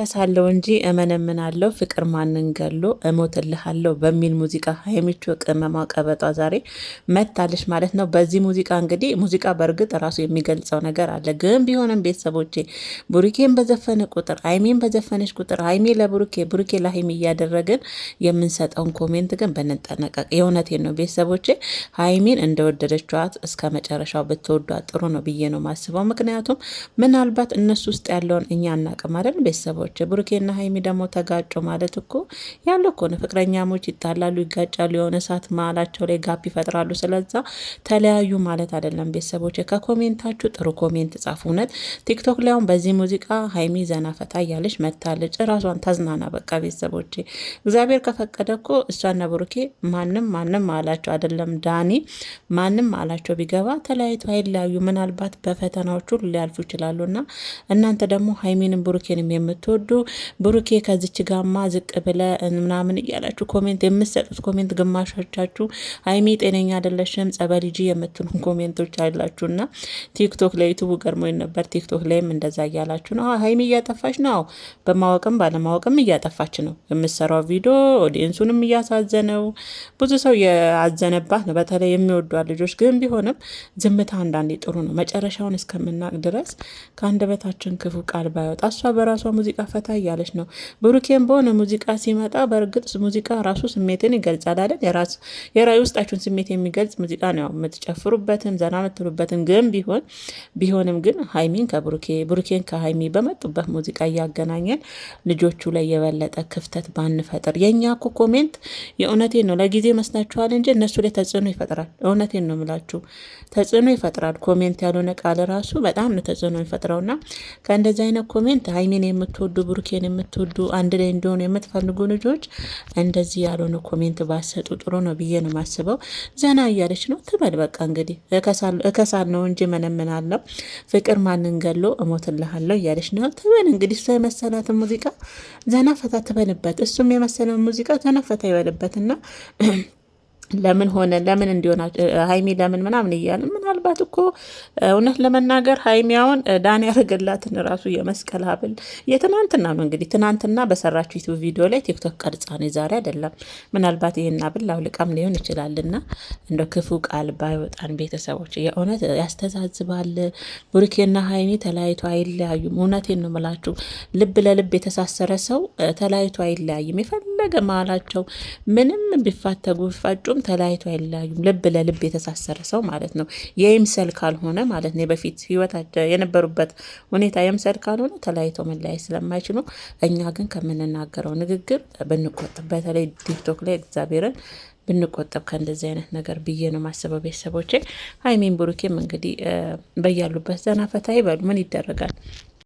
ተሳለው እንጂ እመነምናለው ፍቅር ማንን ገሎ እሞትልሃለው በሚል ሙዚቃ ሀይሚቾ ቅመማ ቀበጧ ዛሬ መታለች ማለት ነው። በዚህ ሙዚቃ እንግዲህ ሙዚቃ በእርግጥ ራሱ የሚገልጸው ነገር አለ። ግን ቢሆንም ቤተሰቦቼ ቡሩኬን በዘፈነ ቁጥር ሀይሜን በዘፈነች ቁጥር ሀይሜ ለቡሩኬ ቡሩኬ ለሀይሜ እያደረግን የምንሰጠውን ኮሜንት ግን በንጠነቀቅ የእውነቴን ነው ቤተሰቦቼ። ሀይሜን እንደወደደችዋት እስከ መጨረሻው ብትወዷት ጥሩ ነው ብዬ ነው ማስበው። ምክንያቱም ምናልባት እነሱ ውስጥ ያለውን እኛ አናቅም አይደል ቤተሰቦች ሰዎች ብሩኬና ሀይሚ ደግሞ ተጋጮ ማለት እኮ ያለ እኮ ነው። ፍቅረኛሞች ይጣላሉ፣ ይጋጫሉ፣ የሆነ ሰዓት መሀላቸው ላይ ጋፕ ይፈጥራሉ። ስለዛ ተለያዩ ማለት አይደለም። ቤተሰቦች ከኮሜንታችሁ ጥሩ ኮሜንት ጻፉ። እውነት ቲክቶክ ላይ አሁን በዚህ ሙዚቃ ሀይሚ ዘና ፈታ እያለች መታለች። ራሷን ተዝናና። በቃ ቤተሰቦች እግዚአብሔር ከፈቀደ እኮ እሷና ብሩኬ ማንም ማንም አላቸው አይደለም ዳኒ ማንም አላቸው ቢገባ ተለያይቶ አይለያዩ። ምናልባት በፈተናዎቹ ሊያልፉ ይችላሉ። እና እናንተ ደግሞ ሀይሚንም ብሩኬንም የምትወ የምትወዱ ብሩኬ ከዚች ጋማ ዝቅ ብለ ምናምን እያላችሁ ኮሜንት የምትሰጡት ኮሜንት ግማሾቻችሁ ሀይሚ ጤነኛ አይደለሽም ጸበል የምትሉ ኮሜንቶች አላችሁ እና ቲክቶክ ላይ ዩቱቡ ነበር። ቲክቶክ ላይም እንደዛ እያላችሁ ነው። ሀይሚ እያጠፋች ነው፣ በማወቅም ባለማወቅም እያጠፋች ነው። የምትሰራው ቪዲዮ ኦዲየንሱንም እያሳዘነው ብዙ ሰው የአዘነባት ነው። በተለይ የሚወዷት ልጆች ግን ቢሆንም ዝምታ አንዳንዴ ጥሩ ነው። መጨረሻውን እስከምናቅ ድረስ ከአንደበታችን ክፉ ቃል ባይወጣ እሷ በራሷ ሙዚቃ ሙዚቃ ፈታ እያለች ነው። ብሩኬም በሆነ ሙዚቃ ሲመጣ በእርግጥ ሙዚቃ ራሱ ስሜትን ይገልጻል አይደል? ውስጣችሁን ስሜት የሚገልጽ ሙዚቃ ነው የምትጨፍሩበትም ዘና የምትሉበትም። ግን ቢሆን ቢሆንም ግን ሀይሚን ከብሩኬ ብሩኬን ከሀይሚ በመጡበት ሙዚቃ እያገናኘን ልጆቹ ላይ የበለጠ ክፍተት ባንፈጥር። የእኛ ኮ ኮሜንት የእውነቴን ነው ለጊዜ መስላችኋል እንጂ እነሱ ላይ ተጽዕኖ ይፈጥራል። እውነቴን ነው ምላችሁ ተጽዕኖ ይፈጥራል። ኮሜንት ያልሆነ ቃል ራሱ በጣም ነው ተጽዕኖ የሚፈጥረውና ከእንደዚህ አይነት ኮሜንት ሀይሚን የምትወ የምትወዱ ብሩኬን የምትወዱ አንድ ላይ እንደሆኑ የምትፈልጉ ልጆች እንደዚህ ያልሆነ ኮሜንት ባሰጡ ጥሩ ነው ብዬ ነው የማስበው። ዘና እያለች ነው ትበል። በቃ እንግዲህ እከሳል ነው እንጂ መነምናለው ፍቅር ማንን ገሎ እሞትልሃለሁ እያለች ነው ትበል። እንግዲህ እሷ የመሰላትን ሙዚቃ ዘና ፈታ ትበልበት፣ እሱም የመሰለውን ሙዚቃ ዘና ፈታ ይበልበትና ለምን ሆነ ለምን እንዲሆና ሀይሚ ለምን ምናምን እያለ ምናልባት እኮ እውነት ለመናገር ሀይሚያውን ዳን ያደረገላትን ራሱ የመስቀል ሀብል የትናንትና ነው እንግዲህ ትናንትና በሰራችሁ ዩቱብ ቪዲዮ ላይ ቲክቶክ ቀርጻ ነው፣ ዛሬ አይደለም። ምናልባት ይህን ሀብል ላውልቃም ሊሆን ይችላልና እንደ ክፉ ቃል ባይወጣን ቤተሰቦች፣ የእውነት ያስተዛዝባል። ቡሪኬና ሀይሚ ተለያይቶ አይለያዩም። እውነቴን ነው የምላችሁ። ልብ ለልብ የተሳሰረ ሰው ተለያይቶ አይለያይም። ፈለገ መሀላቸው ምንም ቢፋተጉ ቢፋጩም ተለያይቶ አይለያዩም። ልብ ለልብ የተሳሰረ ሰው ማለት ነው። የይምሰል ካልሆነ ማለት ነው በፊት ህይወታቸው የነበሩበት ሁኔታ የምሰል ካልሆነ ተለያይቶ መለያየት ስለማይችሉ እኛ ግን ከምንናገረው ንግግር ብንቆጥብ፣ በተለይ ቲክቶክ ላይ እግዚአብሔርን ብንቆጠብ ከእንደዚህ አይነት ነገር ብዬ ነው ማስበው። ቤተሰቦቼ ሀይሚን ብሩኬም እንግዲህ በያሉበት ዘና ፈታ ይበሉ። ምን ይደረጋል?